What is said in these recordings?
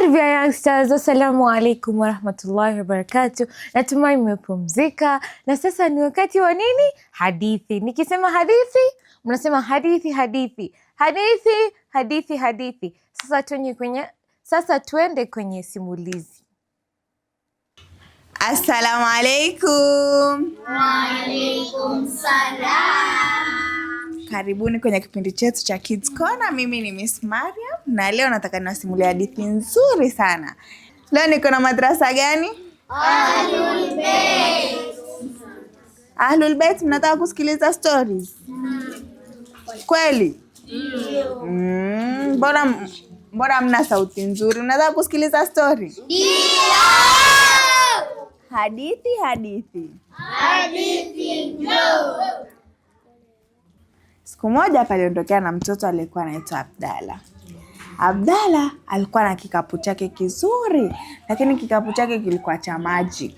Marvya Youngsters, assalamu alaikum warahmatullahi wabarakatu. Natumai mmepumzika na sasa ni wakati wa nini? Hadithi. Nikisema hadithi, mnasema hadithi, hadithi, hadithi, hadithi, hadithi. Sasa tuende kwenye, sasa tuende kwenye simulizi. Assalamu alaikum. Wa alaikum salam. Karibuni kwenye kipindi chetu cha Kids Corner. Mimi ni Miss Maria na leo nataka niwasimulia hadithi nzuri sana. Leo niko na madrasa gani? Ahlul Bait. Ahlul Bait, mnataka kusikiliza stories? Kweli? Mm, mbona mna sauti nzuri, mnataka kusikiliza story? Ndio. Hadithi hadithi hadithi, no. Siku moja paliondokea na mtoto aliyekuwa anaitwa Abdalla. Abdalla alikuwa na kikapu chake kizuri, lakini kikapu chake kilikuwa cha magic.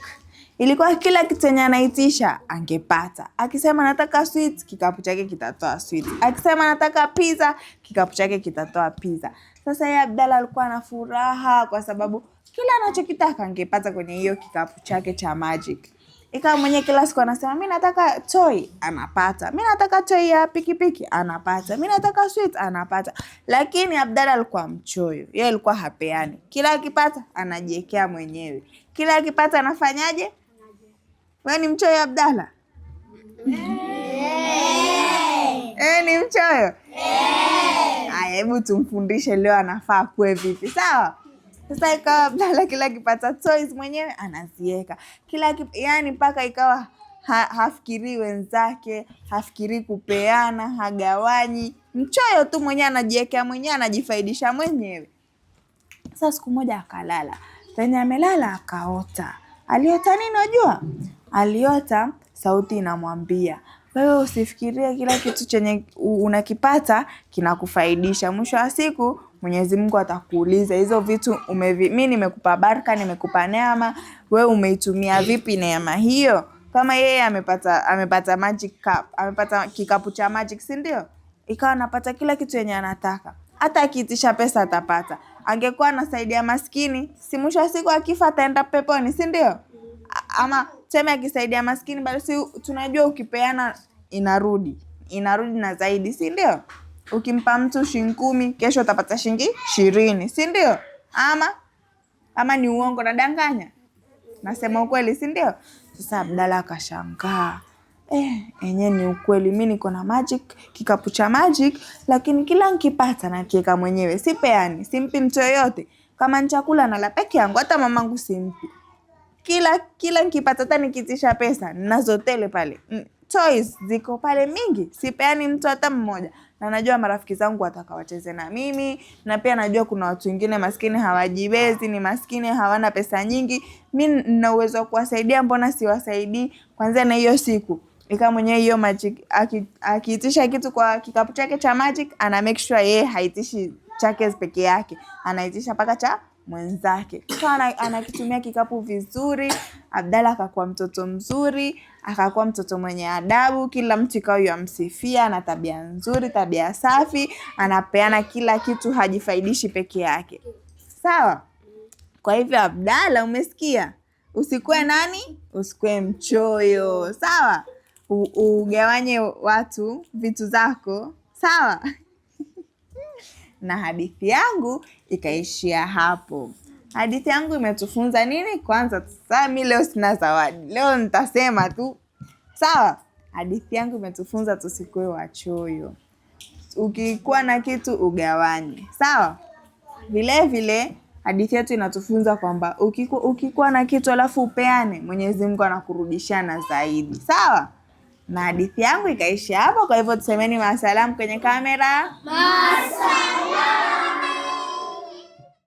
Ilikuwa kila kitu yenye anaitisha angepata. Akisema nataka sweet, kikapu chake kitatoa sweet. Akisema nataka pizza, kikapu chake kitatoa pizza. Sasa yeye Abdalla alikuwa na furaha kwa sababu kila anachokitaka angepata kwenye hiyo kikapu chake cha magic ikawa mwenye kila siku anasema mi nataka choi anapata, mi nataka choi ya pikipiki anapata, mi nataka sweet anapata. Lakini abdala alikuwa mchoyo, yeye alikuwa hapeani. Kila akipata anajiekea mwenyewe, kila akipata anafanyaje? we ni mchoyo abdala E, ni mchoyo. Haya, hebu tumfundishe leo anafaa kuwe vipi, sawa? Sasa ikawa Abdalla kila akipata toys mwenyewe anazieka kila kip, yani mpaka ikawa ha, hafikirii wenzake, hafikirii kupeana, hagawanyi, mchoyo tu mwenyewe anajiwekea mwenyewe, anajifaidisha mwenyewe. Sasa siku moja akalala, penye amelala akaota. Aliota nini? Unajua aliota sauti inamwambia wewe usifikirie kila kitu chenye unakipata kinakufaidisha, mwisho wa siku Mwenyezi Mungu atakuuliza hizo vitu umevi, mimi nimekupa baraka, nimekupa neema, we umeitumia vipi neema hiyo? Kama yeye amepata amepata magic cup, amepata kikapu cha magic, si ndio? Ikawa anapata kila kitu yenye anataka, hata akiitisha pesa atapata. Angekuwa anasaidia maskini, si mwisho wa siku akifa ataenda peponi, si ndio? Ama sema akisaidia maskini, basi tunajua ukipeana inarudi inarudi na zaidi, si ndio? Ukimpa mtu shilingi kumi, kesho utapata shilingi ishirini, si ndio? Ama ama ni uongo? Nadanganya? Nasema ukweli, si ndio? Sasa Abdala akashangaa Eh, enye ni ukweli, mi niko na magic kikapu cha magic, lakini kila nkipata nakiweka mwenyewe, sipeani, simpi mtu yoyote. Kama ni chakula nala peke yangu, hata mamangu simpi. Kila kila nkipata, hata nikitisha pesa nazotele pale mm toys ziko pale mingi, sipeani mtu hata mmoja, na najua marafiki zangu watakawacheze na mimi, na pia najua kuna watu wengine maskini hawajiwezi, ni maskini hawana pesa nyingi, mi nina uwezo wa kuwasaidia, mbona siwasaidii? Kwanza na hiyo siku ika mwenyewe hiyo magic akiitisha aki kitu kwa kikapu chake cha magic, ana make sure yeye haitishi chake peke yake, anaitisha mpaka cha mwenzake. Kikawa anakitumia kikapu vizuri, Abdala akakuwa mtoto mzuri, akakuwa mtoto mwenye adabu, kila mtu ikawa yamsifia, ana tabia nzuri, tabia safi, anapeana kila kitu, hajifaidishi peke yake. Sawa. Kwa hivyo, abdala umesikia? Usikuwe nani, usikuwe mchoyo, sawa. ugawanye watu vitu zako, sawa na hadithi yangu ikaishia hapo. Hadithi yangu imetufunza nini? Kwanza saa mi leo sina zawadi, leo nitasema tu sawa. Hadithi yangu imetufunza tusikue wachoyo, ukikuwa na kitu ugawanye, sawa. Vile vile hadithi yetu inatufunza kwamba ukikuwa, ukikuwa na kitu alafu upeane, Mwenyezi Mungu anakurudishana zaidi, sawa. Na hadithi yangu ikaishia hapo. Kwa hivyo tusemeni masalamu kwenye kamera, masalamu.